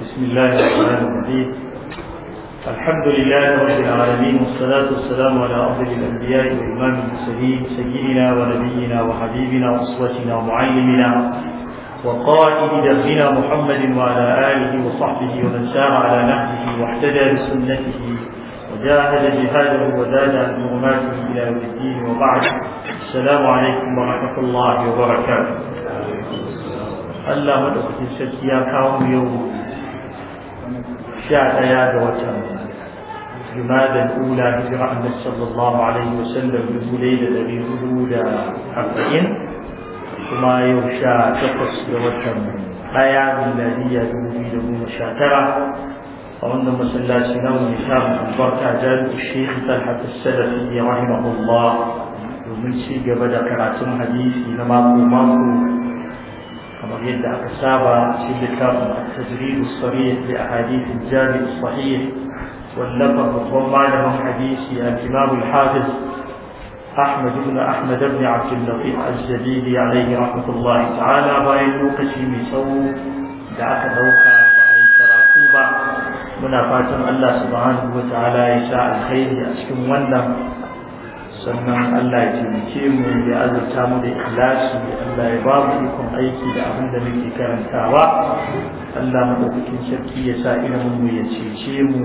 بسم الله الرحمن الرحيم الحمد لله رب العالمين والصلاة والسلام على أفضل الأنبياء وإمام المرسلين سيدنا ونبينا وحبيبنا وأسوتنا ومعلمنا وقائد دربنا محمد وعلى آله وصحبه ومن سار على نهجه واحتدى بسنته وجاهد جهاده وزاد عن إلى يوم الدين وبعد السلام عليكم ورحمة الله وبركاته Allah madaukakin sarki ya kawo mu yau sha ɗaya ga watan Jumadan Ula hijira Annabi sallallahu alaihi wa sallam dubu ɗaya da dari hudu da arba'in kuma yau sha takwas ga watan ɗaya miladiya dubu biyu da goma sha tara a wannan masallaci namu ne ta albarka jami'in Sheikh Talhat Salafi rahimahullah domin ci gaba da karatun hadisi na mako mako kamar yadda aka saba shi da tafi a tajiribu sariya da a hadith jami sahih wallafa babban malamin hadisi a jimabul hafiz ahmad ibn ahmad ibn abdullahi al-jadidi alayhi rahmatullahi ta'ala bayan lokaci mai tsawo da aka dauka ba muna fatan Allah subhanahu wa ta'ala ya sha alkhairi a cikin wannan sannan Allah ya taimake mu ya azurta mu da ikhlasi Allah ya babu ikon aiki da abin da muke karantawa Allah madaukakin sarki ya sa ilimin mu ya cece mu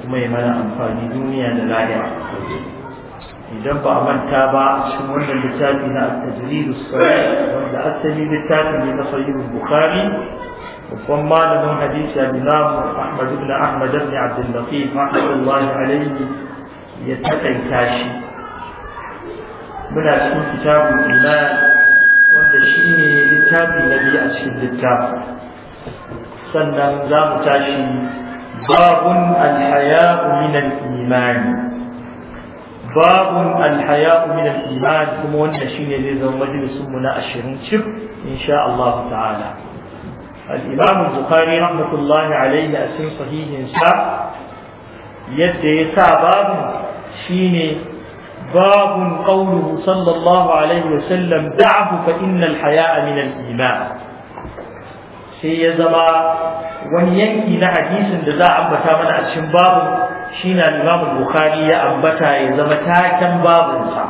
kuma ya mana amfani duniya da lahira idan ba a manta ba a cikin wannan littafi na at-tajrid wanda asali littafi ne na sahih bukhari babban malamin hadisi al-imam Ahmad ibn Ahmad ibn Abdul Latif rahmatullahi alayhi ya takaita shi muna cikin kitabun iman wanda shi ne littafi na biyu a cikin littafi sannan za mu tashi babun alhaya'u min al-iman babun alhaya'u min al-iman kuma wanda shi ne zai zama majalisun mu na ashirin cif insha Allah ta'ala al-imam al-bukhari rahmatullahi alayhi a cikin sahihin sa yadda ya sa babu shine باب قوله صلى الله عليه وسلم دعه فإن الحياء من الإيمان sai ya zama wani yanki na hadisin da za a ambata mana a cikin babu shine Imam Bukhari ya ambata ya zama taken babunsa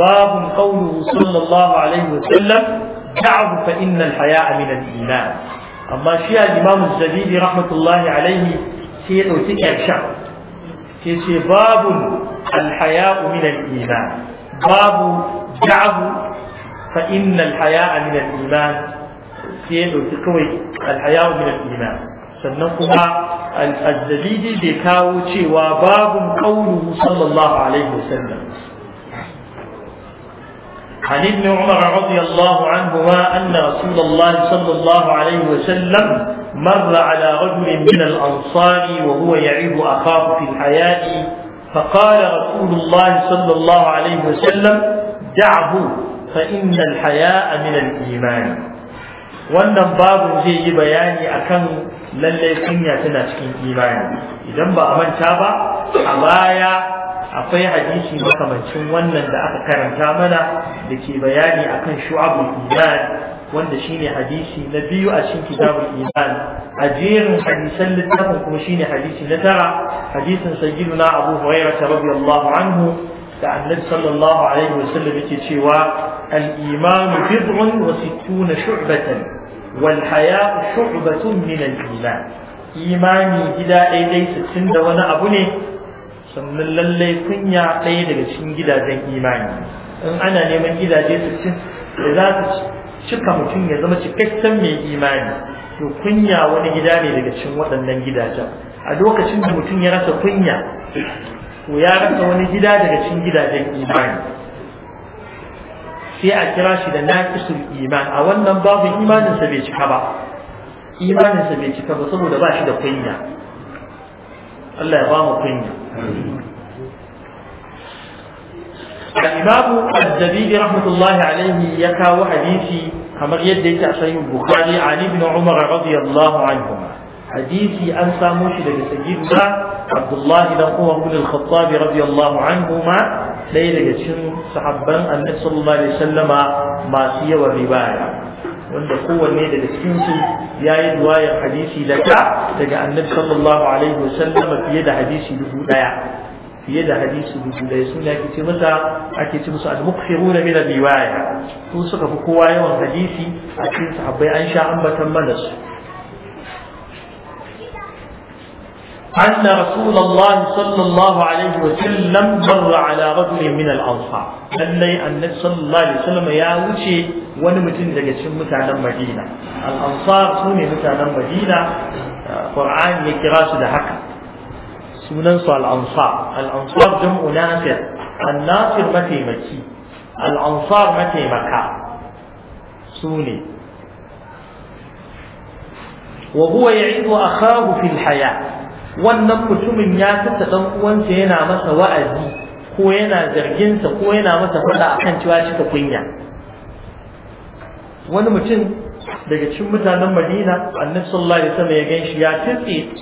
babun qawluhu sallallahu alaihi wa sallam da'u fa inna al min al-iman amma shi limamin Az-Zabidi rahmatullahi alaihi sai ya dauki karshen sai ce babun الحياء من الإيمان باب دعه فإن الحياء من الإيمان سيد وتكوي الحياء من الإيمان سنقوم الزبيدي بكاوتي وباب قوله صلى الله عليه وسلم عن ابن عمر رضي الله عنهما أن رسول الله صلى الله عليه وسلم مر على رجل من الأنصار وهو يعيب أخاه في الحياة فقال رسول الله صلى الله عليه وسلم دعه فإن الحياء من الإيمان wannan babu zai yi bayani akan lallai kunya tana cikin imani idan ba a manta ba a baya akwai hadisi makamancin wannan da aka karanta mana da ke bayani akan shu'abul iman wanda shine hadisi na biyu a cikin kitabul iman a jerin hadisan littafin kuma shine hadisi na tara hadisin sayyiduna abu hurairah radiyallahu anhu da annabi sallallahu alaihi wasallam yake cewa al-iman bid'un wa sittuna shu'batan wal haya shu'batun min al-iman imani gida ɗaya dai sittin da wani abu ne sannan lallai kunya ɗaya daga cikin gidajen imani in ana neman gidaje sittin da za su cika mutum ya zama cikakken mai imani to kunya wani gida ne daga cikin waɗannan gidajen a lokacin da mutum ya rasa kunya to ya rasa wani gida daga cikin gidajen imani sai a kira shi da naqisul iman a wannan babu imaninsa bai cika ba imaninsa bai cika ba saboda ba shi da kunya Allah ya ba mu kunya da imamu al-jadid rahmatullahi alaihi ya kawo hadisi kamar yadda yake a sahihu bukhari ali ibn umar radiyallahu anhu hadisi an samo shi daga sayyidina abdullahi dan uwa ibn al-khattab radiyallahu anhu ma dai daga cikin sahabban annabi sallallahu alaihi wasallama masu yawan ribaya wanda kowanne daga cikin su ya yi duwayar hadisi da ta daga annabi sallallahu alaihi wasallama fiye da hadisi dubu daya fiye da hadisi da sunayi sunayi ake ce ake ce musu al-mukhiru na bin riwaya su suka fi kowa yawan hadisi a cikin sahabbai an sha ambatan mana su anna rasulullahi sallallahu alaihi wa sallam barra ala rajulin min al-ansar lallai annabi sallallahu alaihi wa sallam ya wuce wani mutum daga cikin mutanen Madina al-ansar sune mutanen Madina qur'ani ya kira su da haka Sunansu al'ansar, al'ansar ansar al-ansar jam'u nasir mataimaki al'ansar mataimaka su ne wa ya ya'idu akhahu fil haya wannan mutumin ya tata ɗan uwansa yana masa wa'azi ko yana zarginsa, ko yana masa fada akan cewa cika kunya wani mutum daga cikin mutanen Madina annabi sallallahu alaihi wasallam ya ganshi ya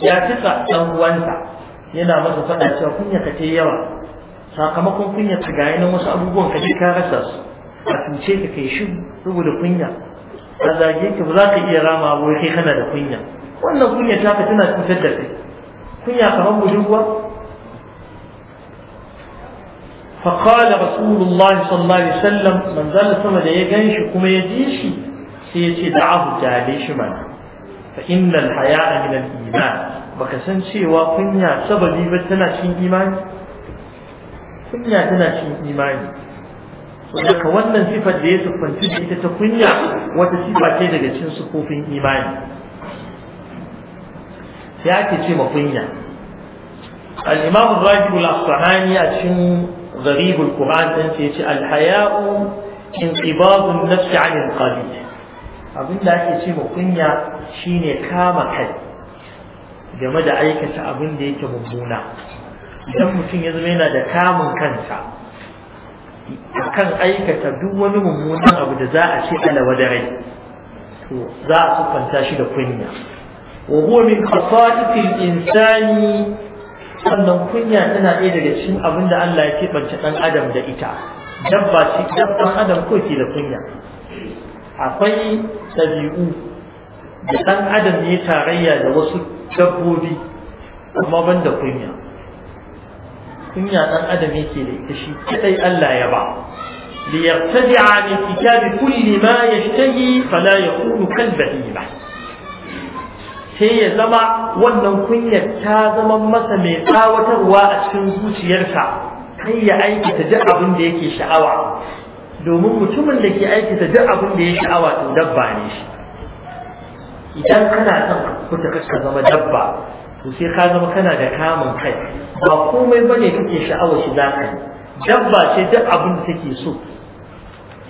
ya fitsa ɗan uwansa yana masa faɗa cewa kunya ka ta yawa sakamakon kunya ta ga yanan wasu abubuwan ka ka rasa su a cuce ka kai shi saboda kunya a zage ka za ka iya rama ba kai kana da kunya wannan kunya ta ka tana cutar da kai kunya kamar budurwa فقال رسول الله صلى الله عليه وسلم من ذا لسما da ya ganshi kuma ya ji shi sai ya ce da'ahu jale shi mana fa innal haya'a iman baka san cewa kunya sababi ba tana cikin imani kunya tana cikin imani daga wannan sifar da ya siffanci da ita ta kunya wata sifa ce daga cikin sufofin imani sai ake ce ma kunya al-imam rajul al-asfahani a cikin gharib al-quran din ce yace al-haya'u inqibadu an-nafs 'an nafs 'ala al qalil abinda ake ce ma kunya shine kama kai game da aikata abin da yake mummuna idan mutum ya zama yana da kamun kansa kan aikata duk wani mummunan abu da za a ce alawa da rai to za a siffanta shi da kunya wa huwa min insani sannan kunya tana ɗaya daga cikin abin da Allah ya keɓance ɗan adam da ita dabba ce dabban adam ko ke da kunya akwai ɗabi'u da ɗan adam ya tarayya da wasu dabbobi amma ban da kunya kunya ɗan adam yake da ita shi kadai Allah ya ba ليرتدع من كتاب كل ما يشتهي فلا يكون كالبهيمة sai ya zama wannan kunyar ta zama masa mai tsawatarwa a cikin zuciyarsa kai ya aikata duk abin da yake sha'awa domin mutumin da ke aikata duk abin da ya sha'awa to dabba ne shi idan kana son kuta ka zama dabba to sai ka zama kana da kamun kai ba komai bane kake sha'awar shi za ka dabba ce duk abin da take so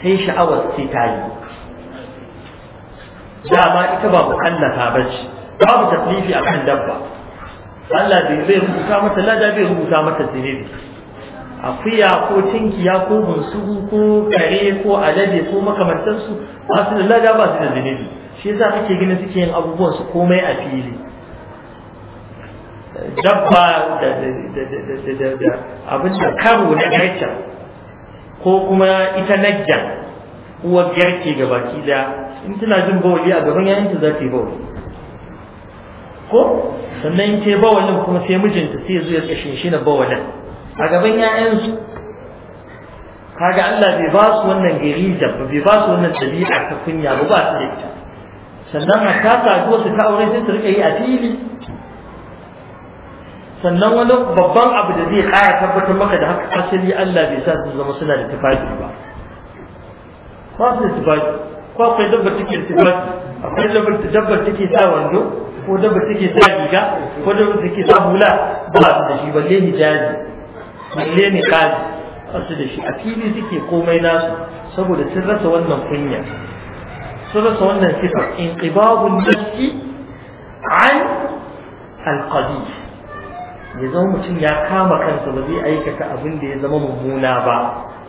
sai sha'awar sai ta yi dama ita ba mukallafa ba ce babu taklifi a kan dabba Allah bai zai rubuta mata lada bai rubuta mata zinibi akuya ko tinkiya ko bunsuru ko kare ko alade ko makamantansu ba su da lada ba su da zinibi shi yasa ke gina suke yin abubuwan su komai a fili dabba da abin da karo na garken ko kuma ita najjan uwar garke ga baki da in tana jin bawali a gaban yayanta za ta yi ko sannan ta yi bawalin kuma sai mijinta sai zuwa kashin shi na bawalin a gaban yayansu kaga Allah bai ba su wannan gari da bai ba su wannan dalila ta kunya ba ba su da ita sannan a saduwa su ta aure sai su rika yi a fili sannan wani babban abu da zai kara tabbatar maka da haka asali Allah bai sa su zama suna da tufafi ba ba su da tufafi ko akwai dabbar take da tufafi akwai dabbar take sa wando ko dabbar take sa riga ko dabbar take sa hula ba su da shi balle hijabi balle kaji ba su da shi a fili suke komai nasu saboda sun rasa wannan kunya wannan سوالنا in انقباض النفس an alƙali. ya zama mutum ya kama kansa ba zai aikata abin da ya zama mummuna ba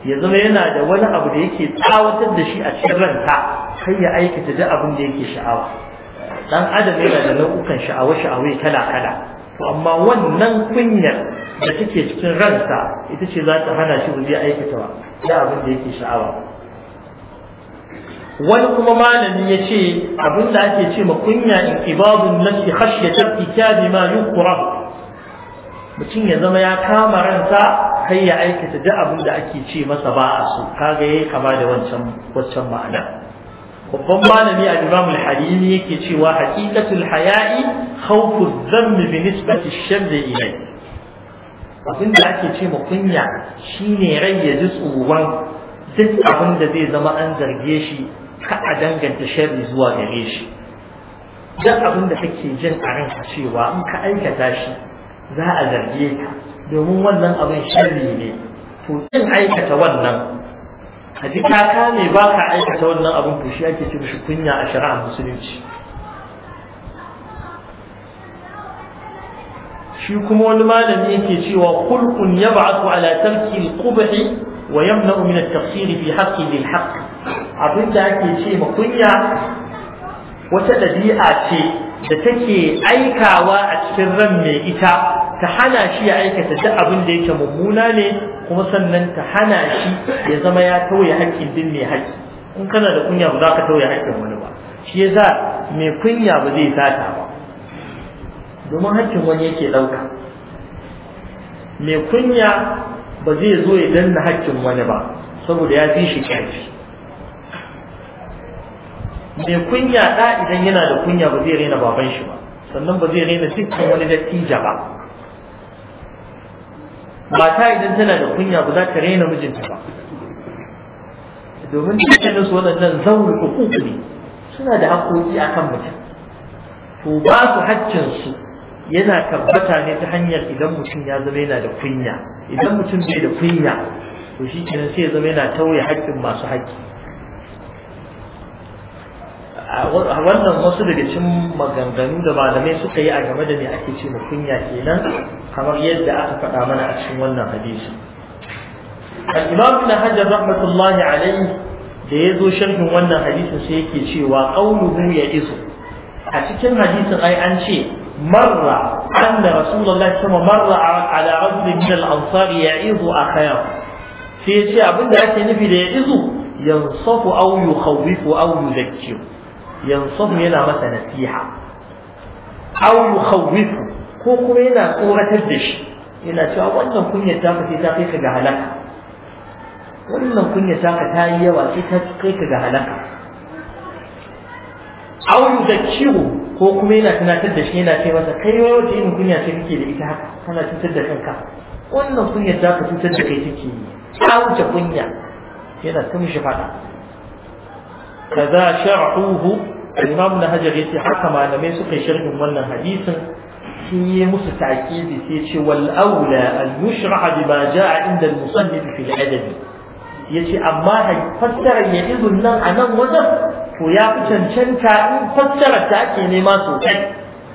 ya zama yana da wani abu da yake tsawatar da shi a cikin ranta kai ya aikata duk abin da yake sha'awa dan adam yana da nau'ukan sha'awa shaawa kala kala to amma wannan kunyar da take cikin ransa ita ce za ta hana shi ba zai aikata ba duk abin da yake sha'awa wani kuma malami ya ce abin da ake ce makunya in ibadun ta khashyatat ikabi ma yukra mutum ya zama ya kama ransa kai ya aikata duk abin da ake ce masa ba a so kaga yayi kama da wancan wancan ma'ana babban malami a imam al-Harimi yake cewa haqiqatul haya'i khawfu dhanbi bi nisbati ash-shams abin da ake ce makunya shine rai ya duk abin da zai zama an zarge shi ka a danganta sharri zuwa gare shi duk abin da kake jin a ranka cewa in ka aikata shi za a zarge ka domin wannan abin sharri ne to in aikata wannan a ji ka kame ba ka aikata wannan abin to shi ake ce kunya a shari'ar musulunci shi kuma wani malami yake cewa kulkun ya ba'atu ala tarki al-qubhi wa yamna'u min at-tafsir fi haqqi lil haqq abin da ake ce ma kunya wata ɗabi'a ce da take aikawa a cikin ran mai ita ta hana shi ya aikata duk abin da yake mummuna ne kuma sannan ta hana shi ya zama ya tauye haƙƙin din mai haƙƙi in kana da kunya ba za ka tauye haƙƙin wani ba shi ya yasa mai kunya ba zai sata ba domin haƙƙin wani yake ɗauka mai kunya ba zai zo ya danna haƙƙin wani ba saboda ya fi shi ƙarfi mai kunya ɗa idan yana da kunya ba zai raina baban shi ba sannan ba zai raina dukkan wani dattija ba mata idan tana da kunya ba za ta raina mijinta ba domin dukkanin su waɗannan zauri ko ne suna da haƙoƙi a kan mutum to ba su haccinsu yana tabbata ne ta hanyar idan mutum ya zama yana da kunya idan mutum bai da kunya to shi kenan sai ya zama yana tauye haƙƙin masu haƙƙi wannan wasu daga cikin maganganu da malamai suka yi a game da me ake ce mu kunya kenan kamar yadda aka faɗa mana a cikin wannan hadisi al-imam ibn hajar rahmatullahi alayhi da ya zo sharhin wannan hadisin sai yake cewa qauluhu ya isu a cikin hadisin ai an ce marra anna rasulullahi sama marra ala rajulin min al-ansar ya'idu akhayahu sai ya ce abinda ake nufi da ya izu yansafu aw yukhawwifu aw yudhakkiru yansahu yana masa nasiha aw yukhawifu ko kuma yana tsoratar da shi yana cewa wannan kunyar ta fice ta kai ka ga halaka wannan kunyar ta ka tayi yawa sai ta kai ka ga halaka aw yuzakkiru ko kuma yana tunatar da shi yana ce masa kai wai wace irin kunya ce kake da ita haka kana cutar da kanka wannan kunyar za ka cutar da kai take yi ta wuce kunya yana ta mishi faɗa kaza shar'uhu imam na hajar yace haka malamai suka yi sharhin wannan hadisin sun yi musu ta'kidi sai ce wal aula al yushra bima jaa inda al musannif fi al adabi yace amma fassarar ya izun nan a nan wajen to ya fi cancanta in fassarar ta ake nema sosai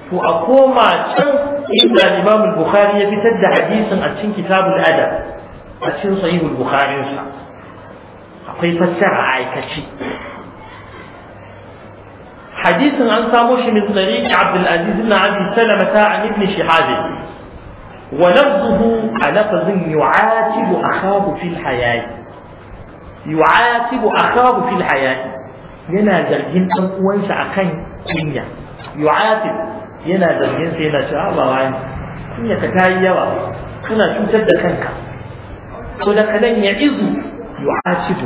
to a koma can inda imam al bukhari ya fitar da hadisin a cikin kitabul adab a cikin sahihul bukhari akwai fassara aikaci حديث عن ساموش من طريق عبد العزيز بن عبد السلام عن ابن شهاب ولفظه لفظ يعاتب أخاه في الحياة يعاتب أخاه في الحياة ينا زرجين أن أوانس أخين كنيا يعاتب ينا زرجين سينا شاء الله وعين كنيا تكاية كنا شو تبدا كنكا ولك لن يعظ يعاتب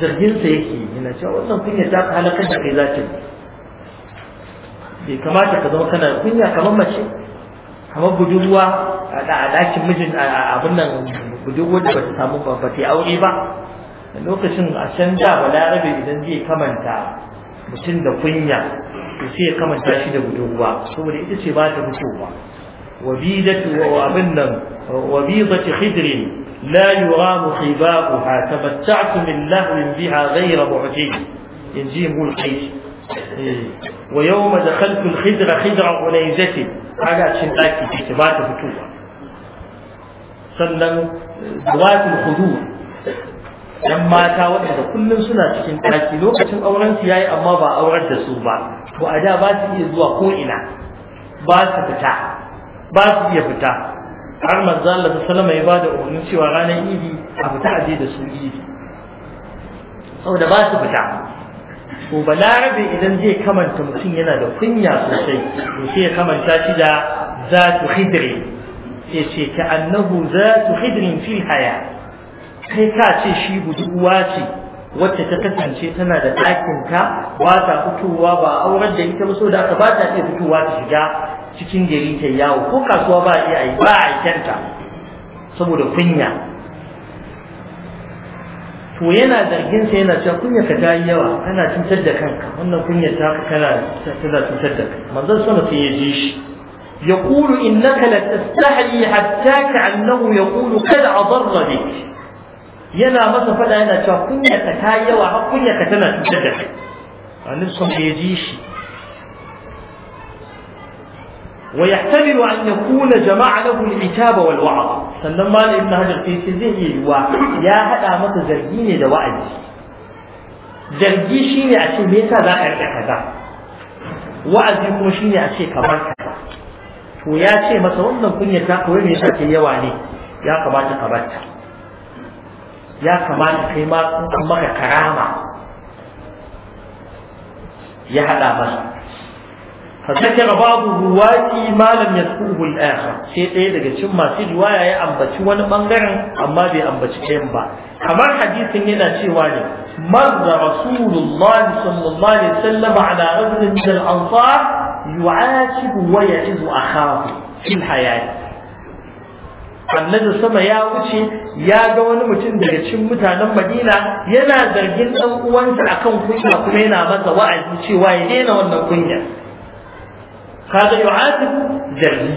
زرجين سيكي ينا شاء الله وعين كنيا تكاية bai kamata ka zama kana kunya kamar mace kamar budurwa a dakin mijin abin nan budurwa da bata samu ba ta aure ba lokacin a can da balarabe idan zai kamanta mutum da kunya to sai ya kamanta shi da budurwa saboda ita ce ba ta fitowa wabidatu wa abin nan wabidati khidrin لا يرام خباؤها تمتعت من لهو بها غير in ينجيم القيس wa yau ma da khalfin khidra khidra wani zake ana cin ɗaki ce ba ta ba. sannan zawatul hudu yan mata waɗanda kullum suna cikin ɗaki lokacin auren su yayi amma ba aurar da su ba to a da ba su iya zuwa ko ina ba su fita ba su iya fita har manzo Allah wasallam ya bada umarni cewa ranar idi a fita aje da su idi saboda ba su fita Bala balarabe idan zai kamanta mutum yana da kunya sosai to sai ya kamanta shi da zatu hidri sai ce ka annahu zatu hidrin fil haya kai ka ce shi buduwa ce wacce ta kasance tana da ɗakin ka ba ta fitowa ba auren da ita so da aka ba ta iya fitowa ta shiga cikin gari ta yawo ko kasuwa ba a iya yi ba a saboda kunya to yana zargin sa yana cewa kunya ka ta yi yawa kana cutar da kanka wannan kunya ta ka kana tana cutar da kanka manzon sama sai ya ji shi يقول إنك لتستحي حتى كأنه يقول قد أضر بك ينا مثلا فلا أنا شاكوية كتاية وحقوية كتنا تجدك النبي صلى الله عليه shi ويحتمل أن يكون جمع له العتاب والوعظ sannan ma ibn hajar sai zai iya yiwa ya haɗa masa zargi ne da wa'azi zargi shine a ce me yasa za ka rika kaza wa'azi kuma shine a ce kamar kaza to ya ce masa wannan kunyar ta kawai me yasa ke yawa ne ya kamata ka barta ya kamata kai ma an maka karama ya haɗa masa فذكر بعض رواتي ما لم يذكره الآخر شيء ɗaya daga cikin masu riwaya ya ambaci wani bangaren amma bai ambaci ɗayan ba kamar hadisin yana cewa ne marra rasulullah sallallahu alaihi wasallam ala rajulin min al-ansar yu'ashibu wa ya'izu akhahu fil hayat annabi sama ya wuce ya ga wani mutum daga cikin mutanen Madina yana zargin dan uwansa akan kunya kuma yana masa wa'azi cewa ya daina wannan kunya kaga yu'atib jarri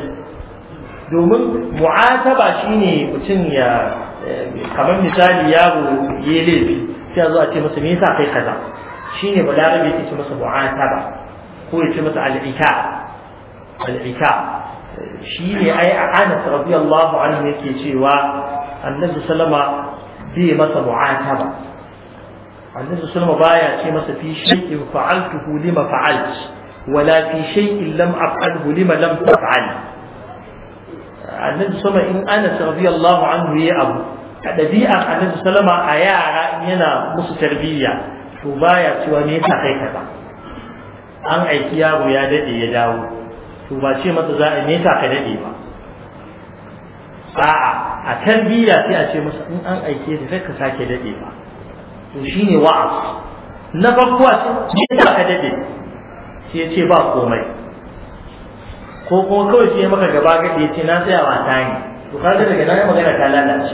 domin mu'ataba shine mutum ya eh, kamar misali yaro ya laifi sai a zo a ce masa me yasa kai kaza shine balarabe ya ce masa mu'ataba ko ya ce masa al'ika al'ika shi ne ai a Anas radiyallahu anhu yake cewa Annabi sallama bai masa mu'ataba Annabi sallama baya ce masa fi shay'in fa'altuhu lima fa'alti wala fi shay'in lam af'alhu lima lam taf'al annabi sama in Anas radiyallahu anhu yayi abu a dabi'a annabi sallama a yara in yana musu tarbiyya to baya cewa me yasa kai kaza an aiki yaro ya dade ya dawo to ce masa za a me yasa ka dade ba a'a a tarbiyya sai a ce in an ka ba na me sai ce ba komai ko kuma kawai sai maka gaba gadi ya ce na tsaya wata ne to ga daga nan magana ta lalace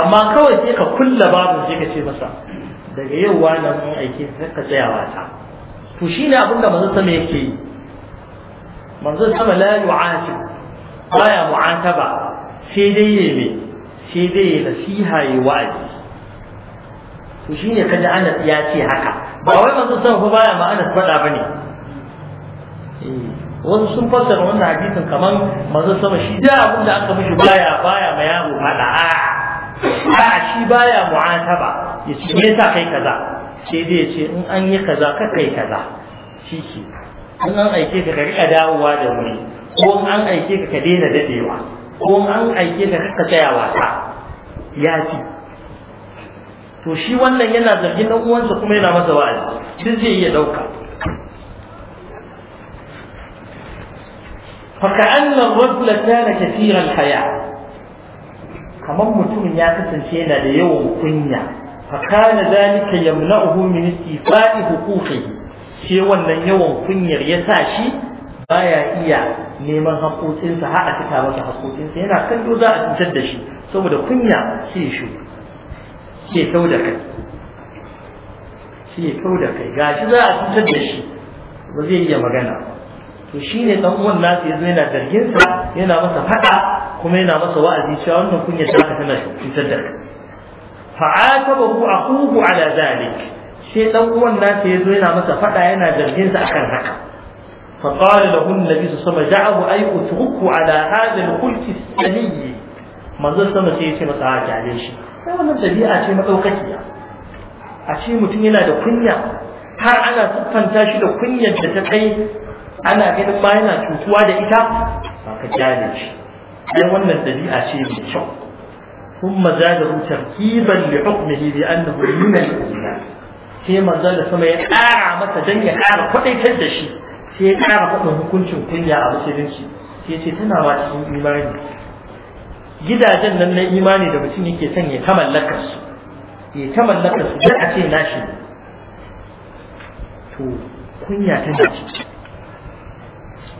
amma kawai sai ka kulla babu sai ka ce masa daga yau wani mun aike ka tsaya wata. to shine abin da manzon sama yake yi manzon sama la yu'ati ya mu'ataba sai dai ya me sai dai ya nasiha yayi wa'azi to shine kaji Anas ya ce haka ba wai manzo sama fa baya ma'ana fada bane eh, wasu sun fassara wannan hadisin kamar manzo sama shi da abin da aka mishi baya baya ma yaro fada a a shi baya mu'ataba ya ce me yasa kai kaza sai dai ya ce in an yi kaza ka kai kaza shi ke in an aike ka ka riƙa dawowa da wuri ko in an aike ka ka daina dadewa ko in an aike ka ka tsaya wasa ya ce to shi wannan yana zargin dan uwansa kuma yana masa wa'azi duk zai iya dauka فكأن الرجل kana كثير haya kamar mutum ya kasance yana da yawan kunya fakana zalika yamna'uhu min istifa'i huquqihi shi wannan yawan kunyar ya sa shi baya iya neman haƙoƙinsa har a fita masa haƙoƙinsa yana kallo za a cutar da shi saboda kunya ke shi ke kau da kai ke kau da kai gashi za a fitar da shi ba zai iya magana to shine dan uwan nasu yanzu yana zargin sa yana masa fada kuma yana masa wa'azi cewa wannan kunya ta ka tana fitar da kai fa'atabahu akuhu ala zalik sai dan uwan nasu yanzu yana masa fada yana zargin sa akan haka فقال sama, ja'ahu ay utruku ala وسلم al-kulti أتركه على هذا sama sai ya زال سمع a مسعى عليه ai wannan dabi'a ce madaukakiya a ce mutum yana da kunya har ana siffanta shi da kunyar da ta kai ana ganin ma yana cutuwa da ita ba ka kyale shi ai wannan dabi'a ce mai kyau ثم زاده تركيبا لحكمه بأنه من الإيمان sai manzon da sama ya ƙara masa don ya ƙara kwaɗaitar da shi sai ya ƙara faɗin hukuncin kunya a musulunci sai ce tana ma cikin imani gidajen nan na imani da mutum yake son ya ta mallaka su ya ta mallaka su dan a ce nashi to kunya tana ciki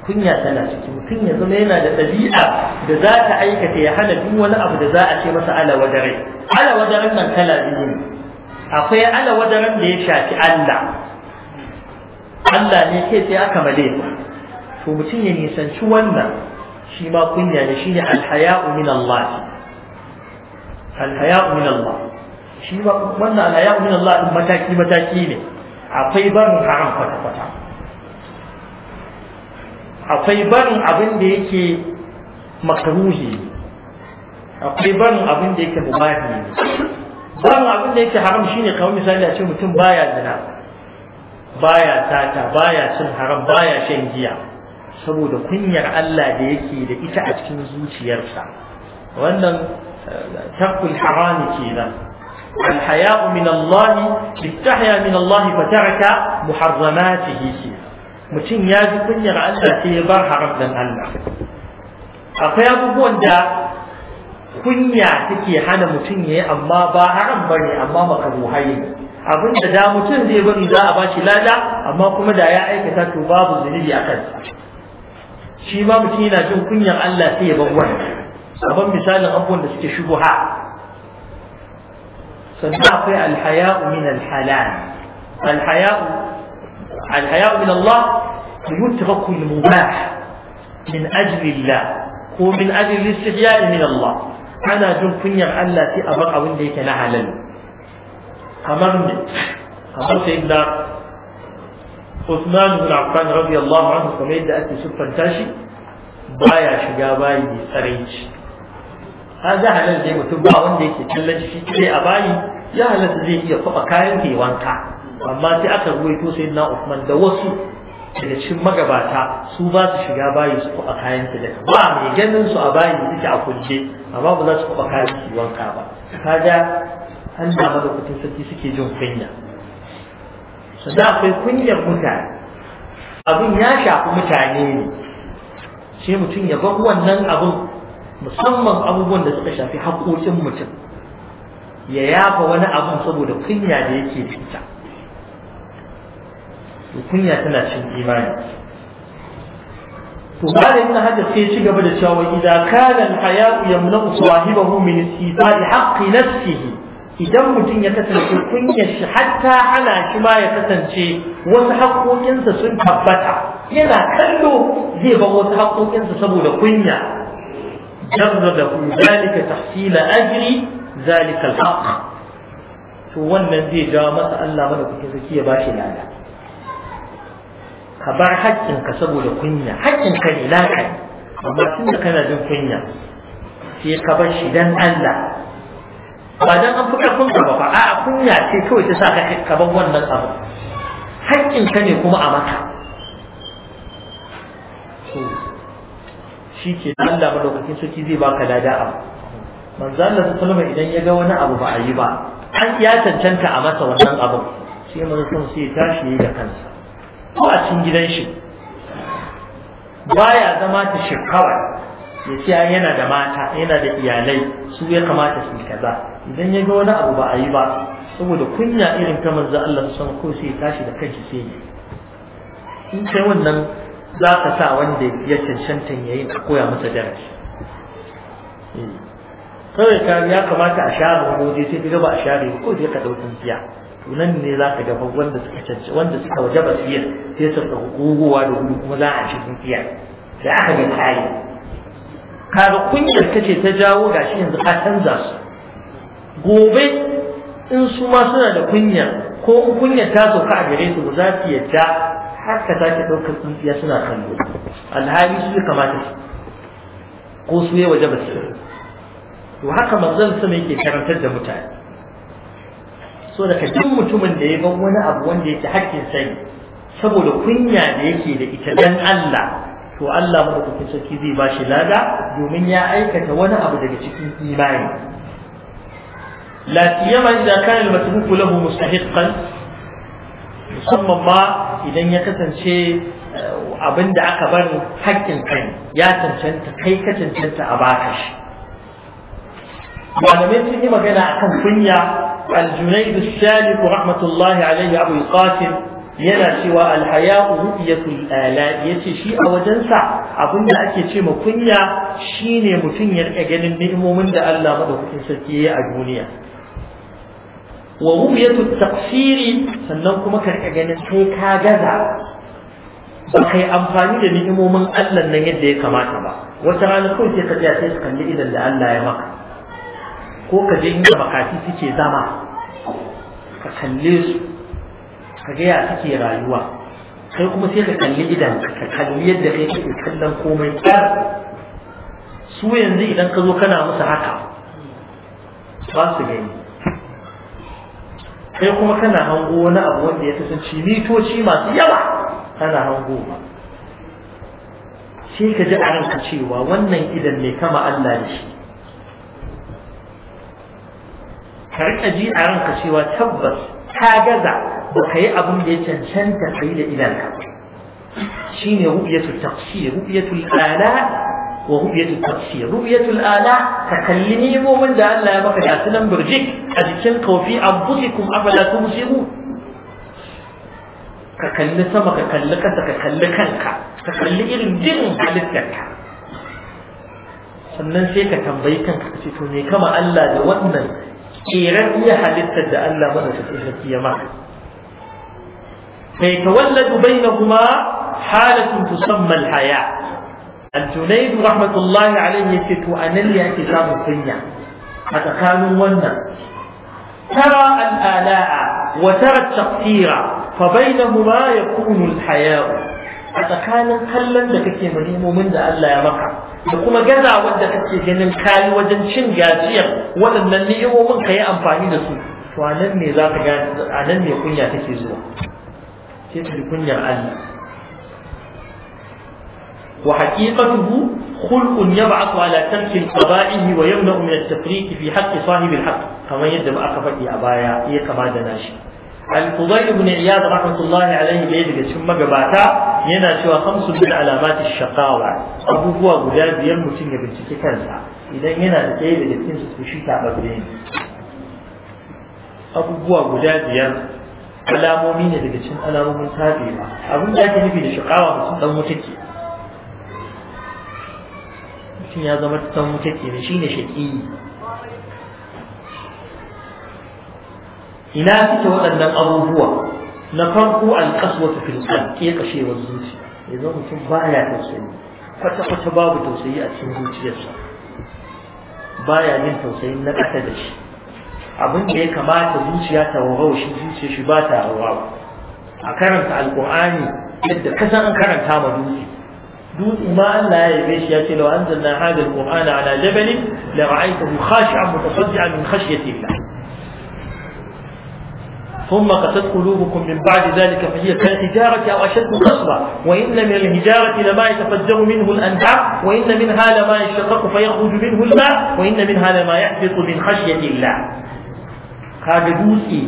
kunya tana ciki mutum ya zama yana da ɗabi'a da za ta aikata ya hana duk wani abu da za a ce masa ala wadare ala wadaren nan kala biyu ne akwai ala wadaren da ya shafi Allah Allah ne ke sai aka male to mutum ya nisanci wannan shi ma kunya ne shi shine alhaya'u min Allah alhaya'u min Allah shi ma wannan alhaya'u min Allah din mataki mataki ne akwai barin haram kwata kwata akwai barin abin da yake makruhi akwai barin abin da yake mubahi ne barin abin da yake haram shine kawai misali a ce mutum baya zina baya tata baya cin haram baya shan giya saboda kunyar Allah da yake da ita a cikin zuciyarsa wannan eh, tarkul harami kenan الحياء من الله استحيا من الله فترك محرماته mutum ya ji kunyar Allah sai ya bar haram dan Allah akwai abubuwan da kunya take hana mutum yayi amma ba haram bane amma makaruhai ne abin da da mutum zai bari za a bashi lada amma kuma da ya aikata to babu zunubi a kansa shi ma mutum yana jin kunyar Allah sai ya bar wannan sabon misalin abubuwan da suke shubuha sannan akwai alhaya'u min alhalal alhaya'u alhaya'u min Allah yutraku mubah min ajli Allah ko min ajli al-istihya' min Allah ana jin kunyar Allah sai a bar abin da yake na halal kamar ne kamar sayyidina Usman ibn Affan radiyallahu anhu kamar yadda ake siffanta shi baya shiga bayi mai Ha za halal dai mutum ba wanda yake kallon shi sai a bayi ya halatta zai iya kwaba kayan da wanka amma sai aka ruwaito sai na Usman da wasu daga cikin magabata su ba su shiga bayi su kwaba kayan su daga ba mai ganin su a bayi suke a kunce amma ba za su kwaba kayan su wanka ba kaga Allah madaukakin sarki suke jin kunya sannan akwai kunyar mutane abin ya shafi mutane ne sai mutum ya bar wannan abin musamman abubuwan da suka shafi haƙoƙin mutum ya yafa wani abin saboda kunya da yake fita to kunya tana cin imani to bayan na haka sai ci gaba da cewa idan kana al-haya'u yamna'u sahibahu min istita'i haqqi nafsihi idan mutum ya kasance kunyar shi hatta hana shi ma ya kasance wasu haƙoƙinsa sun tabbata yana kallo zai ba wasu haƙoƙinsa saboda kunya jarra da ku zalika tahsila ajri zalika alhaq to wannan zai ja masa Allah mana kuke saki ya bashi lada ka bar haƙƙinka saboda kunya haƙƙinka ne naka amma tunda kana jin kunya sai ka bar shi dan Allah ba dan an fi kun ka ba fa a'a kunya ce kawai ta sa ka ka bar wannan abu haƙƙin ka ne kuma a maka shi ke da Allah lokacin sarki zai baka lada abu manzo Allah sallallahu alaihi idan ya ga wani abu ba a yi ba an ya cancanta a masa wannan abu sai manzo sun sai tashi yi da kansa ko a cikin gidan shi baya zama ta shekawa ya yana da mata yana da iyalai su ya kamata su kaza idan ya ga wani abu ba a yi ba saboda kunya irin ta manzo Allah su san ko sai tashi da kanshi sai ne in kai wannan za ka sa wanda ya cancanta yayin ka koya masa darasi eh. kawai ka ya kamata a share waje sai ka gaba a share ko sai ka dauki biya to nan ne za ka ga wanda suka cancanta wanda suka wajaba siyar sai su ka guguwa da gudu kuma za a ci biya sai aka ga kayan. kaga kunyar ta ce ta jawo shi yanzu a canza su gobe in su ma suna da kunya ko in kunya ta sauka a gare su ba za su yadda har ka take ɗaukar tsintsiya suna kallo alhali su ya kamata ko su ya waje ba su to haka manzon sama yake karantar da mutane so da duk mutumin da ya ban wani abu wanda yake hakkin sani saboda kunya da yake da ita dan Allah to Allah madaukakin sarki zai ba shi lada domin ya aikata wani abu daga cikin imani la siyama idza kana al-matruku lahu mustahiqqan musamman ma idan ya kasance abin da aka bar haƙƙin kai ya cancanta kai ka cancanta a baka shi malamai sun yi magana akan kunya al-junayd al-shalik rahmatullahi alayhi abu al qasim yana cewa alhaya'u ru'yatul ala yace shi a wajensa abinda ake ce ma kunya shine mutun ya rike ganin ni'imomin da Allah madaukakin sarki ya a duniya wa ru'yatul taqsiri sannan kuma ka rika ganin kai ka gaza ba kai amfani da ni'imomin Allah nan yadda ya kamata ba wata rana kawai sai ka ji sai ka kalli idan da Allah ya maka ko ka je inda makati suke zama ka kalle su ka ga ya suke rayuwa kai kuma sai ka kalli idan ka kalli yadda kai kake kallon komai ɗar su yanzu idan ka zo kana musu haka ba su gani kai kuma kana hango wani abu wanda ya kasance mitoci masu yawa kana hango ba sai ka ji a ranka cewa wannan idan mai kama Allah da shi ka riƙa ji a ranka cewa tabbas ka gaza wato ka yi abin da ya cancanta ka yi da idanka shi ne rubiyatul tafsir rubiyatul ala wa rubiyatul tafsir rubiyatul ala ka kalli nemomin da Allah ya maka gasu nan birjik a jikin kofi an busi kuma abala su musibu ka kalli sama ka kalli kasa ka kalli kanka ka kalli irin jirin halittarka sannan sai ka tambayi kanka ka ce to me kama Allah da wannan kiran iya halittar da Allah mana ta sarki ya maka فيتولد بينهما حالة تسمى الحياة الجنيد رحمة الله عليه يكتو أن لي كتاب الدنيا حتى كانوا ترى الآلاء وترى التقصير فبينهما يكون الحياء حتى كان قلا لك كيمريم من ذا الله يبقى يقوم جزع ودك كيمريم يعني كال وجن شن جازير ولن نلي ومن خيام فاهي نسو وعلمني ذاك جاز علمني كنيا تكيزو sai ta kunyar Allah wa haqiqatuhu khulqun yab'athu ala tarki al-qaba'ihi wa yamna'u min at-tafriq fi haqqi sahibi al-haqq kamar yadda ba aka faɗi a baya iya kama da nashi al-fudayl ibn iyad rahmatullahi alayhi bai daga cikin magabata yana cewa khamsu bil alamat ash-shaqawa abubuwa guda biyar mutum ya bincike kansa idan yana da ɗaya daga cikin su shi ta babbe abubuwa guda biyar alamomi ne daga cikin alamomin ba, abin da ake nufi da shakawa mutum dan wuta ke mutum ya zama dan wuta ke ne shine shaki ina suke waɗannan abubuwa na farko alƙaswatu fil qalb ke kashewar zuciya yanzu mutum baya tausayi kwata kwata babu tausayi a cikin zuciyarsa baya yin tausayin na ƙasa da shi abin da ya kamata zuciya ta rawa shi zuciya shi ba ta rawa a karanta alqur'ani yadda ka san karanta ma dutse dutse ma Allah ya yabe shi ya ce law anzalna hadha alqur'ana ala jabalin la ra'aytahu khashi'an mutasaddian min khashyati Allah ثم قست قلوبكم من بعد ذلك فهي كالحجارة أو أشد قسوة وإن من الحجارة لما يتفجر منه الأنهار وإن منها لما يشقق فيخرج منه الماء وإن منها لما يحبط من خشية الله kaga dutse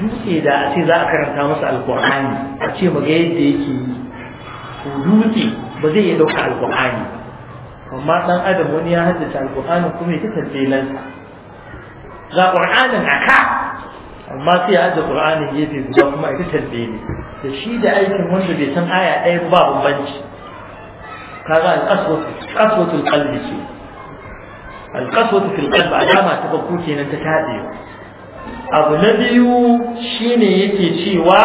dutse da a ce za a karanta masa alkur'ani a ce mu ga yadda yake yi Ko dutse ba zai iya ɗauka alkur'ani amma ɗan adam wani ya haddace alkur'ani kuma ya tattace lansa ga a ka? amma sai ya haddace ya gefe zuwa kuma ya tattace ne da shi da aikin wanda bai san aya ɗaya ba bambanci kaga al-qaswatu al-qalbi ce al-qaswatu fil qalbi alama ta farko kenan ta tadewa abu na biyu shine yake cewa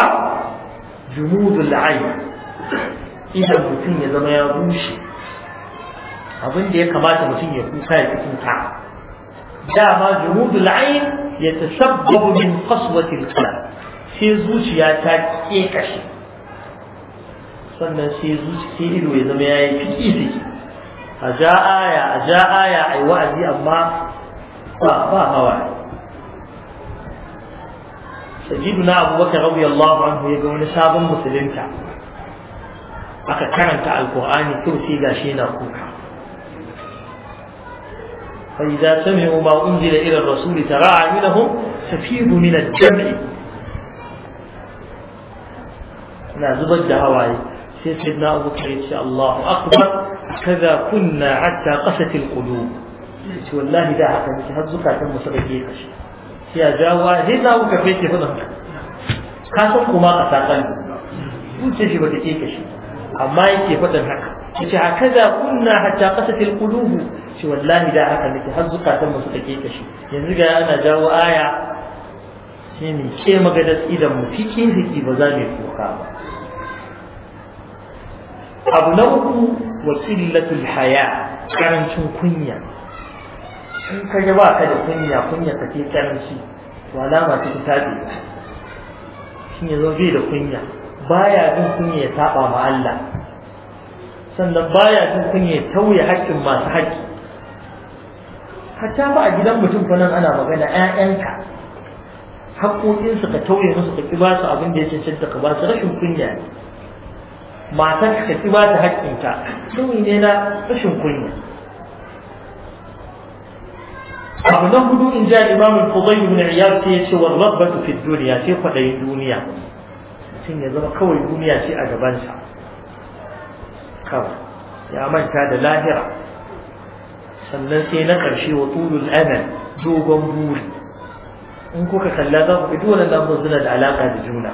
jumudul ayn idan mutum ya zama ya rushe abin da ya kamata mutum ya kuka ya kuka dama jumudul ayn ya tasabbabu min qaswatil qalb sai zuciya ta kekashi sannan sai zuci sai ido ya zama yayi fiki fiki a ja aya a ja aya ai wa'azi amma ba ba hawaye سيدنا أبو بكر رضي الله عنه يقول نساب مسلمك أكا كرنت القرآن كرسي شيء أقولها فإذا سمعوا ما أنزل إلى الرسول تراعى منهم تفيض من الجمع لا زبد هواي سيدنا أبو بكر إن شاء الله أكبر كذا كنا حتى قست القلوب والله ذا حتى مش هزكا المسلمين ya wa zai za ku kafe ke hudu ka san kuma a sakan ce shi ba ta keke shi amma yake faɗin haka haka za kunna hatta qasat alqulub shi wallahi da haka nake har ta ba su keke shi yanzu ga ana jawo aya shi ne ke magadar idan mu fike fiki ba za mu koka ba abu na uku wa haya karancin kunya in ka yi ba ka da kunya kunya ka ke karanci to alama ta ta tabi shi ne zo bai da kunya baya jin kunya ya saba ma Allah sannan baya jin kunya ya tauye haƙƙin masu haƙƙi hatta ba a gidan mutum fa nan ana magana ƴaƴanka haƙƙoƙinsu ka tauye musu ka ƙi ba su abin da ya cancanta ka ba su rashin kunya ne matar ka ƙi ba ta haƙƙinta ne na rashin kunya abu na hudu in ja imamu fudai ibn iyad sai ya ce warrab batu fi duniya sai kwadayin duniya mutum ya zama kawai duniya ce a gabansa kawai ya manta da lahira sannan sai na ƙarshe wa tulul amal dogon buri in kuka kalla za ku ga dole nan da alaƙa da juna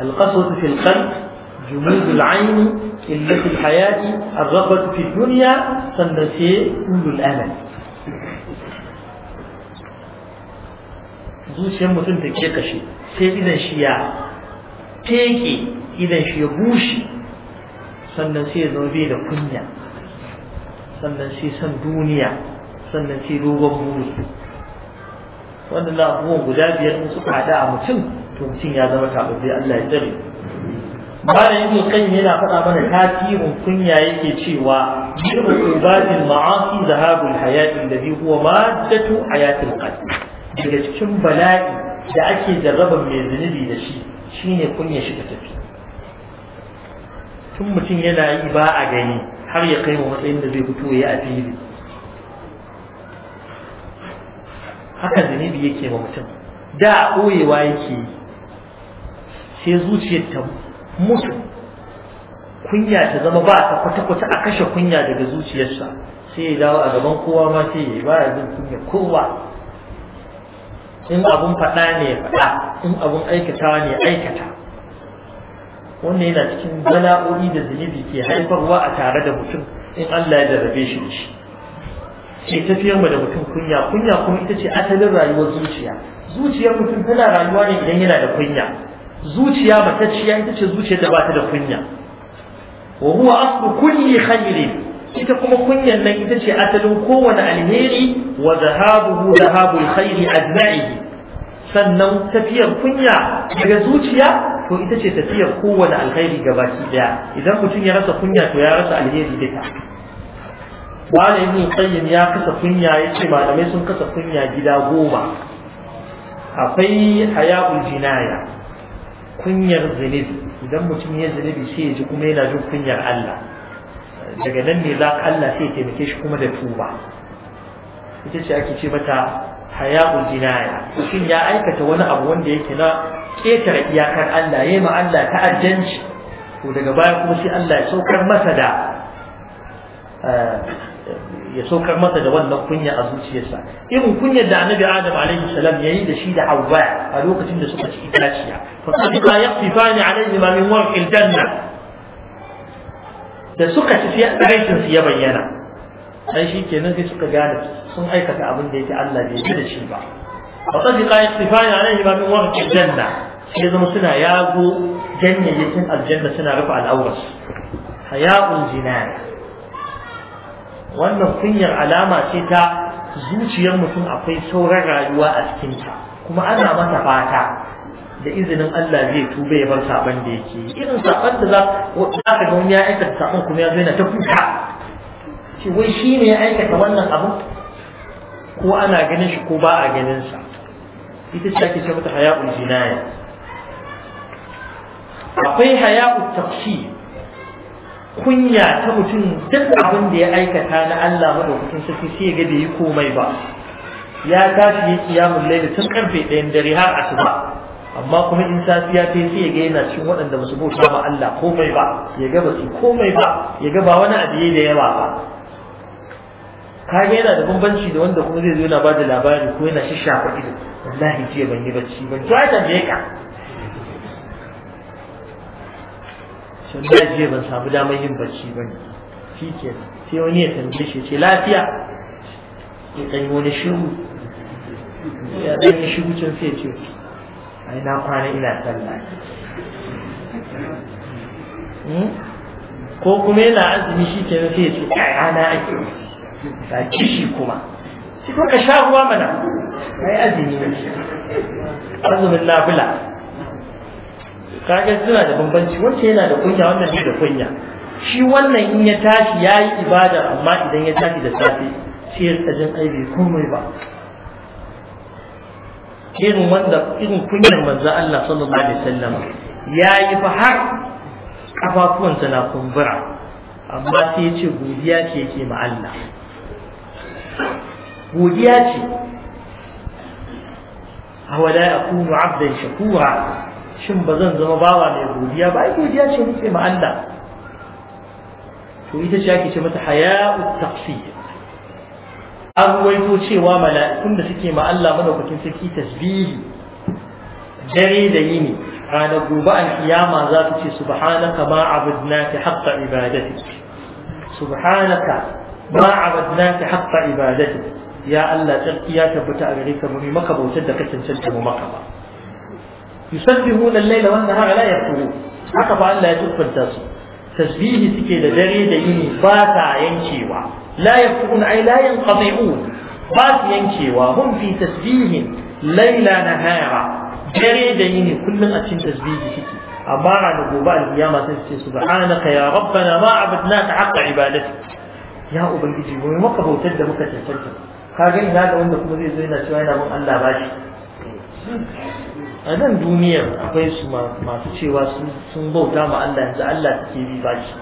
alqasatu fil qalb جمود العين قلة الحياء الرغبة في الدنيا سنسي أولو الأمل zuciyar mutum ta ke kashe sai idan shi ya teke idan shi ya bushe sannan sai ya bai da kunya sannan sai duniya sannan sai dogon wannan abubuwan guda biyar in suka hada a mutum to mutum ya zama tababbe Allah ya tsare bana ibn yana faɗa mana tasirin kunya yake cewa jirbu ibadil ma'asi zahabul hayat alladhi huwa maddatu hayatin qalb daga cikin bala'i da ake jarraba mai zunubi da shi shine kunya shi ta tafi tun mutum yana yi ba a gani har ya kai matsayin da zai fito ya a fili haka zunubi yake ma mutum da a ɓoyewa yake sai zuciyar ta musu kunya ta zama ba ta kwata-kwata a kashe kunya daga zuciyarsa sai ya dawo a gaban kowa ma sai ya ba ya zin kunya kowa in abun faɗa ne ya faɗa in abun aikatawa ne ya aikata wannan yana cikin bala'o'i da zunubi ke haifarwa a tare da mutum in Allah ya jarrabe shi da shi ke tafiyar mu da mutum kunya kunya kuma ita ce asalin rayuwar zuciya zuciyar mutum tana rayuwa ne idan yana da kunya zuciya matacciya ita ce zuciyar da ba ta da kunya wa huwa aslu kulli khairin ita kuma kunyan nan ita ce asalin kowane alheri wa zahabuhu zahabul khairi ajma'ihi sannan tafiyar kunya daga zuciya to ita ce tafiyar kowane alheri gabaki daya idan mutum ya rasa kunya to ya rasa alheri duka wani ibn qayyim ya kasa kunya yace malamai sun kasa kunya gida goma akwai haya'ul jinaya kunyar zunubi idan mutum ya zunubi sai ya ji kuma yana jin kunyar Allah daga nan ne za ka Allah sai ya taimake shi kuma da tuba ita ce ake ce mata haya'ul jinaya shin ya aikata wani abu wanda yake na ketare iyakar Allah yayi ma Allah ta'addanci to daga baya kuma sai Allah ya saukar masa da eh, ya saukar masa da wannan kunya a zuciyarsa irin kunyar da annabi adam alaihi salam yayi da shi da hawwa a lokacin da suka ci itaciya fa qad la yaqtifani alaihi ma min warqil janna da suka ci sai tsaraitin su ya bayyana ai shi kenan sai suka gane sun aikata abin da yake Allah bai yi da shi ba fa qad la yaqtifani alaihi ma min warqil janna sai zama suna yago janyayyakin aljanna suna rufe al'auras haya'ul jinana wannan kunyar alama ce ta zuciyar mutum akwai sauran rayuwa a cikinta kuma ana mata fata da izinin Allah zai tuba ya bar saban da yake irin saban da za ka ga wani ya aikata saban kuma ya zo yana ta kuka shi wai shi ne ya aikata wannan abu ko ana ganin shi ko ba a ganin sa ita ce ake ce mata haya'ul jinaya akwai haya'ul tafsir kunya ta mutum duk abin da ya aikata na Allah madaukakin sarki sai ya ga bai yi komai ba ya tashi ya kiyamun laili tun karfe ɗayan dare har asuba amma kuma in safiya ta sai ya ga yana cikin waɗanda ba su bauta ma Allah komai ba ya ga ba su komai ba ya ga ba wani abu da yawa ba Ka ga yana da bambanci da wanda kuma zai zo yana ba da labari ko yana shishafa ido wallahi jiya ban yi bacci ban to ai je ka shan dajiya ban samu damar yin barci ba ne shi ke sai wani ya tambaye shi ce lafiya ya yi wani shiru ya ɗan yi shiru can sai ce ai na kwana ina sallah hmm? ko kuma yana azumi shi ke sai ya ce ana ake ta kishi kuma sai ka sha ruwa mana ai azumi ne azumin nafila kaga suna da bambanci wacce yana da kunya wannan bai da kunya shi wannan in ya tashi ya yi ibada amma idan ya tashi da safe sai ya tsajin aibi komai ba irin wanda irin kunyar manzo Allah sallallahu alaihi wasallam ya yi fa har kafafuwansa na kumbura amma sai ya ce godiya ce yake ma Allah godiya ce a wala kuma abdan shakura shin ba zan zama bawa mai godiya ba ai godiya ce muke ma Allah to ita ce ake ce mata haya'u taqsir an waito cewa mala'ikun da suke ma Allah madaukakin sarki tasbihi dare da yini ranar gobe an kiyama za ta ce subhanaka ma abudnaka haqqa ibadatik subhanaka ma abudnaka haqqa ibadatik ya Allah tsarki ya tabbata a gare ka mu maka bautar da ka cancanta mu maka ba yusabbihuna al-layla wan nahara la yafturun haka fa Allah ya tuffanta su tasbihi suke da dare da yini ba ta yankewa la yafturun ay la yanqati'un ba su yankewa hum fi tasbihin layla nahara dare da yini kullum a cikin tasbihi suke amma ranar gobe al-kiyama sai su ce subhanaka ya rabbana ma abadnaka haqqa ibadati ya ubangiji mu maka bautar da muka tantance ka gani na da wanda kuma zai zo yana cewa yana bin Allah bashi a nan duniyar akwai su masu cewa sun bauta ma Allah yanzu Allah ke bi ba shi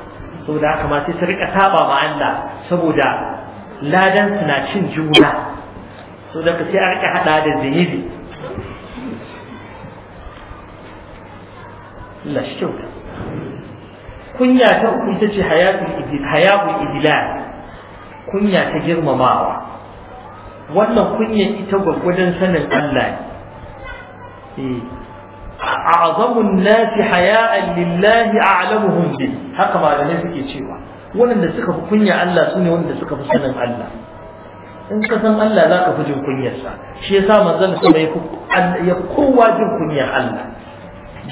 saboda haka ma sai ta rika saba ma Allah saboda ladan suna cin juna saboda ka sai a rika hada da zahiri. Allah shi kyau kunya ta uku ita ce hayabu idila kunya ta girmamawa wannan kunya ita gwaggwadon sanin Allah ne a'zamun nasi haya'an lillahi a'lamuhum bi haka malamai suke cewa waɗanda suka fi kunya Allah su ne waɗanda suka fi sanin Allah in ka san Allah za ka fi jin kunyarsa shi yasa manzon sama ya kowa jin kunyar Allah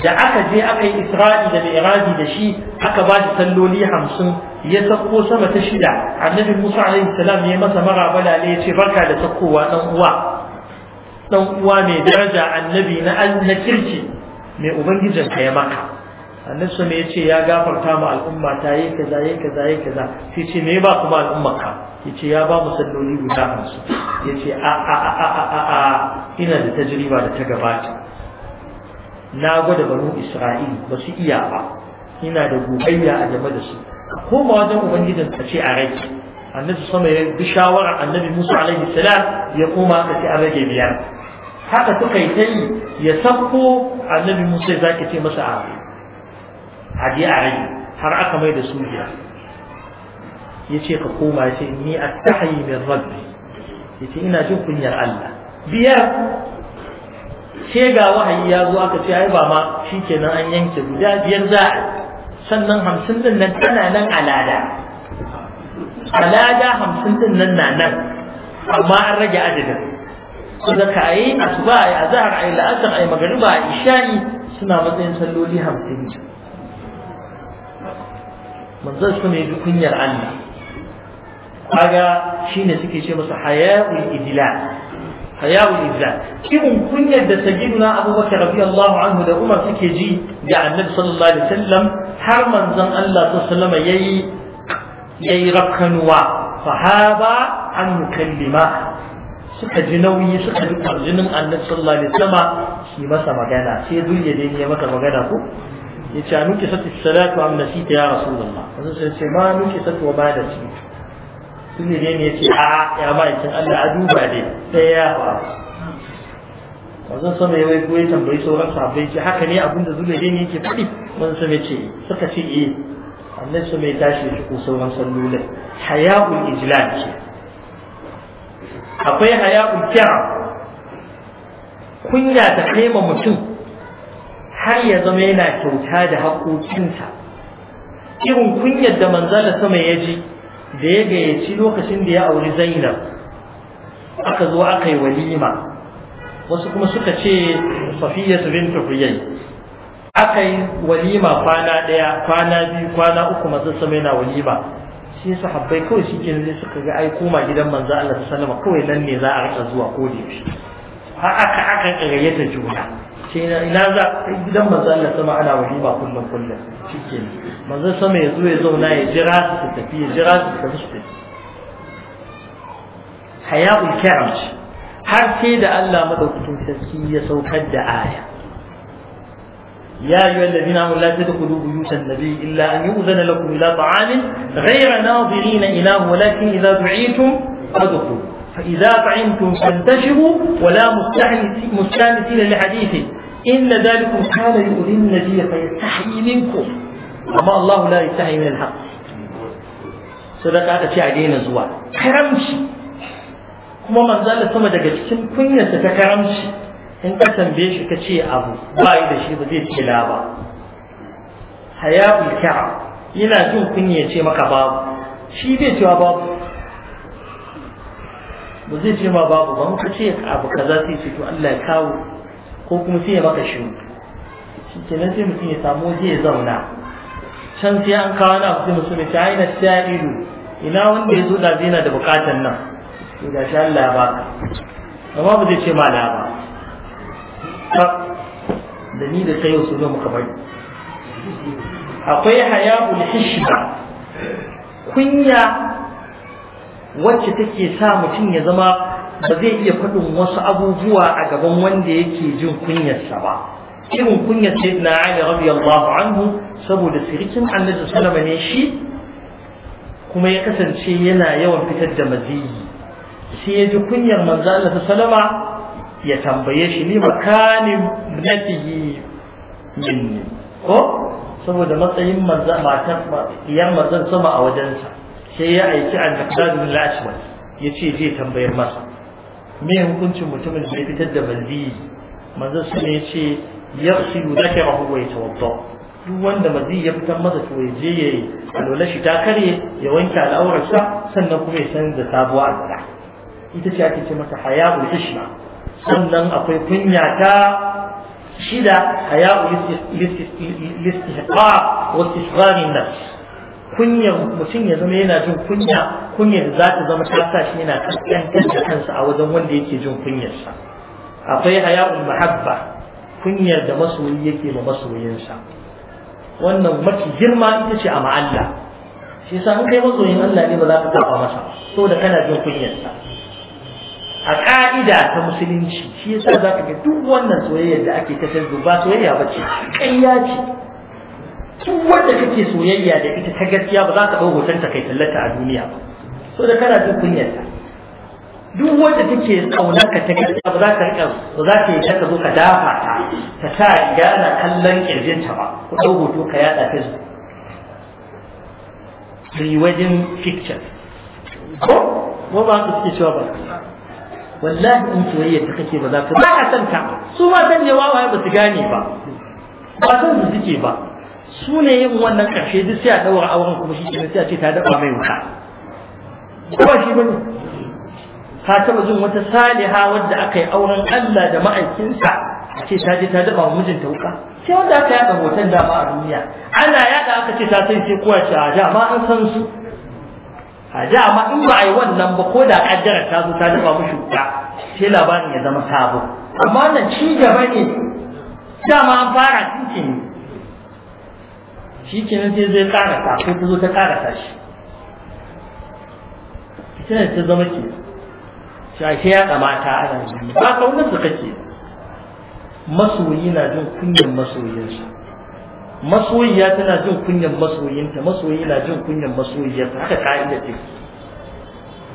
da aka je aka yi isra'i da mi'raji da shi aka ba shi salloli hamsin ya sako sama ta shida annabi musa alaihi salam ya masa mara ne ya ce barka da sakowa dan uwa dan uwa mai daraja annabi na na kirki mai ubangijin ka ya maka annabi sun ya ce ya gafarta ma al'umma ta yi kaza yi kaza yi kaza sai ce me ba kuma al'umma ka ce ya ba mu salloli guda hamsin a a a a a a ina da tajriba da ta gabata na gwada banu isra'il ba su iya ba ina da gogayya a game da su koma wajen ubangijin ka ce a rage annabi sama ya bi shawara annabi musa alaihi salam ya koma ka ce a rage biyar haka suka yi ta yi ya sako annabi musa ya zaki ce masa a aje a rai har aka mai da su biya ya ce ka koma ya ce ni a tahayi min rabbi ya ce ina jin kunyar allah biyar ce ga wahayi ya zo aka ce ai ba ma shi kenan an yanke guda biyar za a sannan hamsin din nan tana nan alada alada hamsin din nan na nan amma an rage adadin ko da ka yi asuba a azhar a yi la'asar a yi magariba a isha'i suna matsayin salloli hamsin ne manzon su ne kunyar Allah kaga shine suke ce masa haya'ul idlal haya'ul idlal irin kunyar da na Abubakar allahu anhu da Umar suke ji da Annabi sallallahu alaihi wasallam har manzan Allah sallallahu alaihi wasallam yayi yayi rakkanuwa fahaba an mukallima suka ji nauyi suka ji kwarjinin annabi sallallahu sama, shi masa magana sai duniya dai ya masa magana ko ya ce nuki sati salatu am nasita ya rasulullah wasu sai ce ma nuki sati wa ba da shi duniya dai ya ce a ya ba yakin Allah a duba dai sai ya faru wanzan sama ya wai ya tambayi sauran sahabbai ce haka ne abinda zuwa dai ke faɗi wanzan sama ce suka ce eh annabi sama ya tashi ya ko sauran sallolin Hayahun ijlan ce akwai haya kira kunya ta kaima mutum har ya zama yana kyauta da haƙoƙinsa irin kunyar da da sama ya ji da ya gayyaci lokacin da ya auri zainab aka zo aka yi walima wasu kuma suka ce safiya su bin tafiyai aka yi walima kwana ɗaya kwana biyu kwana uku masu sama yana walima sai sahabbai kawai shi ke sai suka ga ai koma gidan manzo Allah sallama kawai nan ne za a rika zuwa ko da yaushe har aka aka kagayyata juna sai ina za gidan manzo Allah sama ana ba kullum kullum shi ke manzo sama ya zo ya zauna ya jira su tafi ya jira su tafi su tafi haya'ul kiram har sai da Allah madaukakin sarki ya saukar da aya يا أيها الذين آمنوا لا تدخلوا بيوت النبي إلا أن يؤذن لكم إلى طعام غير ناظرين إله ولكن إذا دعيتم فادخلوا فإذا طعمتم فانتشروا ولا مستانسين لحديثه إن ذلكم كان يؤذي النبي فيستحي منكم أما الله لا يستحي من الحق صدق هذا شيء علينا زوال كرمشي وما من Allah ثم دقت cikin kunyarsa in ka tambaye shi ka ce abu ba yi da shi ba zai ce la ba hayabul ka'a yana jin kunya ce maka babu shi zai cewa babu ba zai ce ma babu ba muka ce abu kaza sai ce to Allah ya kawo ko kuma sai ya maka shi shi nan sai mutum ya samu waje ya zauna can sai an kawo na abu sai mutum ya ce aina ido" ina wanda ya zo da zina da bukatan nan to da shi Allah ya baka amma ba zai ce ma la ba da ni da kai su ne muka bari akwai hayabul hishma kunya wacce take sa mutum ya zama ba zai iya faɗin wasu abubuwa a gaban wanda yake jin kunyarsa ba irin kunyar sayyidina ali radiyallahu anhu saboda sirikin annabi sallama ne shi kuma ya kasance yana yawan fitar da maziyi sai ya ji kunyar manzo Allah sallama ya tambaye shi ni makanin natihi minni ko saboda matsayin manza matar iyar manzan sama a wajensa sai ya aiki a dakdadun lashman ya ce zai tambayar masa me hukuncin mutumin da ya fitar da malbi manzan su ne ya ce ya su wa ya duk wanda mazi ya fitar masa to ya je ya yi shi ta karye ya wanke al'aurarsa sannan kuma ya san da sabuwa alwala ita ce ake ce mata hayabul ishma sannan akwai kunya ta shida haya'u listihqa wa istisghar nas kunya mutum ya zama yana jin kunya kunya da za ta zama ta sa shi yana kaskantar da kansa a wajen wanda yake jin kunyarsa akwai haya'ul mahabba kunyar da masoyi yake ma masoyinsa wannan mafi girma ita ce a ma'alla shi yasa in kai masoyin Allah ne ba za ka taba masa da kana jin kunyarsa a ƙa'ida ta musulunci shi yasa za ka ga duk wannan soyayya da ake ta facebook ba soyayya ba ce ƙarya ce duk wanda kake soyayya da ita ta gaskiya ba za ka ɗau hoton ta kai tallata a duniya ba so da kana jin kunyar ta duk wanda kake ƙaunar ka ta gaskiya ba za ka riƙa ba za ka yi ta zo ka dafa ta ta sa riga ana kallon ƙirjinta ba ku ɗau hoto ka yaɗa facebook pre-wedding pictures ko ba ka suke cewa ba wallahi in soyayya ta kake ba za ka ba a san ka su ma san ne wawaye ba su gane ba ba san su suke ba su ne yin wannan karshe duk sai a daura auren kuma shi ke sai a ce ta daba mai wuta ba shi ne? ka taba jin wata saliha wadda aka yi auren Allah da ma'aikinsa a ce ta je ta daba wa mijinta wuka sai wanda aka yaɗa hoton dama a duniya ana yada aka ce ta san sai kowace a ma an san su a da amma in ba a yi wannan ba ko da kaddara ta zo ta dafa mushi ba sai labarin ya zama sabo amma wannan ci gaba ne dama an fara ne shi kenan sai zai ƙarasa, ko ta zo ta ƙarasa shi sai ta zama ke shashe ya kamata ana zuwa ba kaunar su kake masoyi na jin kunyan masoyinsu. masoyiya tana jin kunyan masoyinta masoyi na jin kunyan masoyiyarsa haka ka'ida take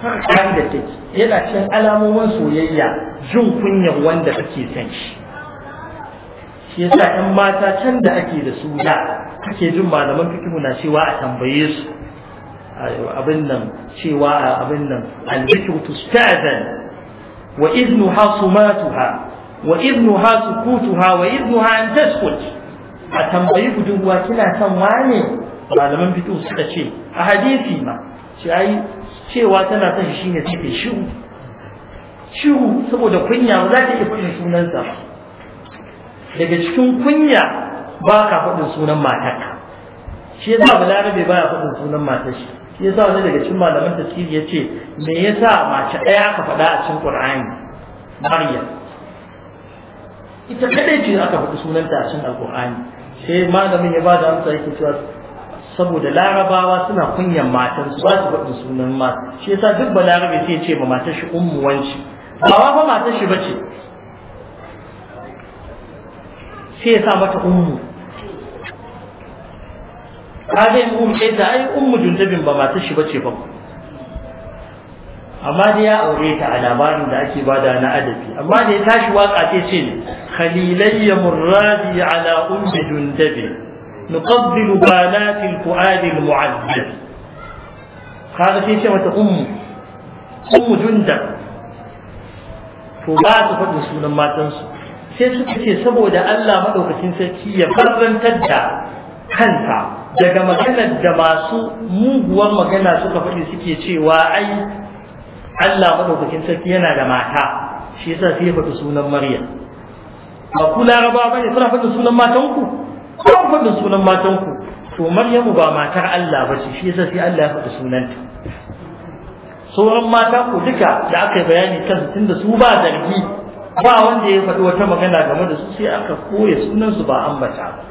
haka ka'ida take yana cikin alamomin soyayya jin kunyan wanda kake san shi shi yasa ɗan mata can da ake da su da kake jin malaman fikihu na cewa a tambaye su abin nan cewa abin nan al tustazan wa idnuha sumatuha wa idnuha sukutuha wa idnuha an taskut a tambayi budurwa kina son wane malaman fito suka ce a hadisi ma ce ai cewa tana son shi ne take shiru shiru saboda kunya ba za ta iya faɗin sunansa daga cikin kunya ba ka faɗin sunan matarka shi yasa balarabe baya faɗin sunan matar shi shi yasa wani daga cikin malaman tafsiri ya ce me yasa mace ɗaya aka faɗa a cikin qur'ani maryam ita kadai ce aka faɗi sunanta a cikin qurani sai malamin ya ba da amsa yake cewa saboda larabawa suna kunyan matan su ba su faɗi sunan ma shi yasa duk ba larabe sai ce ba matar shi ummu wanci ba wa ba matar shi bace sai ya sa mata ummu kaga in ummu ta ai ummu juntabin ba matar shi bace ba amma da ya aure ta a labarin da ake bada na adabi amma dai ya tashi waka ce ce khalilayya murradi ala ummi dundabi nuqabbilu banati alfuadi almu'azzab kaga sai ce mata ummu ummu dundab to ba su faɗi sunan matansu sai suka ce saboda Allah maɗaukacin sarki ya farantar da kanta daga maganar da masu muguwar magana suka faɗi suke cewa ai Allah madaukakin sarki yana da mata shi yasa sai ya faɗi sunan Maryam ba ku laraba bane suna faɗin sunan matanku kuna faɗin sunan matanku to Maryamu ba matar Allah ba ce shi yasa sai Allah ya faɗi sunanta sauran mata ku duka da aka yi bayani kansu tunda su ba zargi ba wanda ya faɗi wata magana game da su sai aka koya sunansu ba ambata ba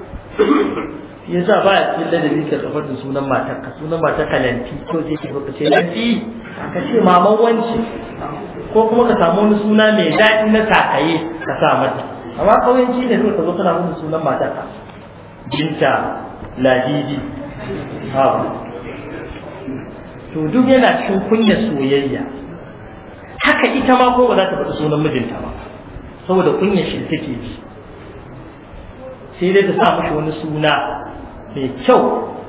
shi yasa ba ya cikin ladabi ka kafar da sunan matar ka sunan matar ka lanti ko zai ki ka ce lanti ka ce maman wanci ko kuma ka samu wani suna mai daɗi na takaye ka sa mata amma kauyanci ne kawai ka zo kana wani sunan matar ka binta ladidi to duk yana cikin kunya soyayya haka ita ma ko ba za ta faɗi sunan mijinta ba saboda kunya shi take ji sai dai ta sa mashi wani suna mai kyau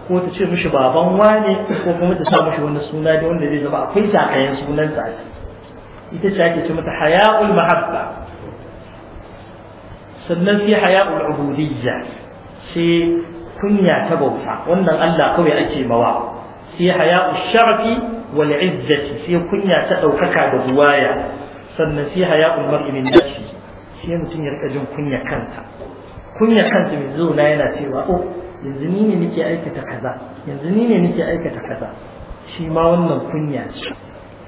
ko ta ce mishi baban wane ko kuma ta sa mishi wani suna da wanda zai zama akwai sakayen sunan sa ita ce ake ce mata haya'ul mahabba sannan sai haya'ul ubudiyya sai kunya ta bauta wannan Allah kawai ake mawa sai haya'ul sharafi wal izzati sai kunya ta daukaka da ruwaya sannan sai haya'ul mar'i min nafsi sai mutum ya rika jin kunya kanta kunya kanta mai zauna yana cewa oh yanzu ni ne nake aikata kaza yanzu ni ne nake aikata kaza shi ma wannan kunya ce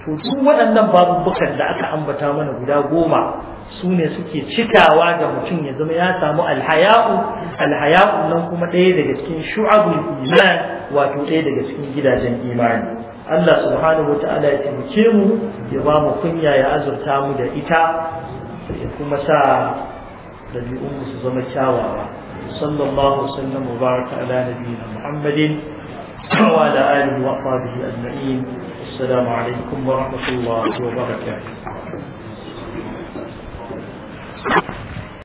to duk waɗannan babubukan da aka ambata mana guda goma su ne suke cikawa ga mutum ya zama ya samu alhaya'u alhaya'u nan kuma ɗaya daga cikin shu'abul iman wato ɗaya daga cikin gidajen imani Allah subhanahu wa ta'ala ya taimake mu ya ba mu kunya ya azurta mu da ita ya kuma sa ɗabi'unmu su zama kyawawa صلى الله وسلم وبارك على نبينا محمد وعلى آله وأصحابه أجمعين السلام عليكم ورحمة الله وبركاته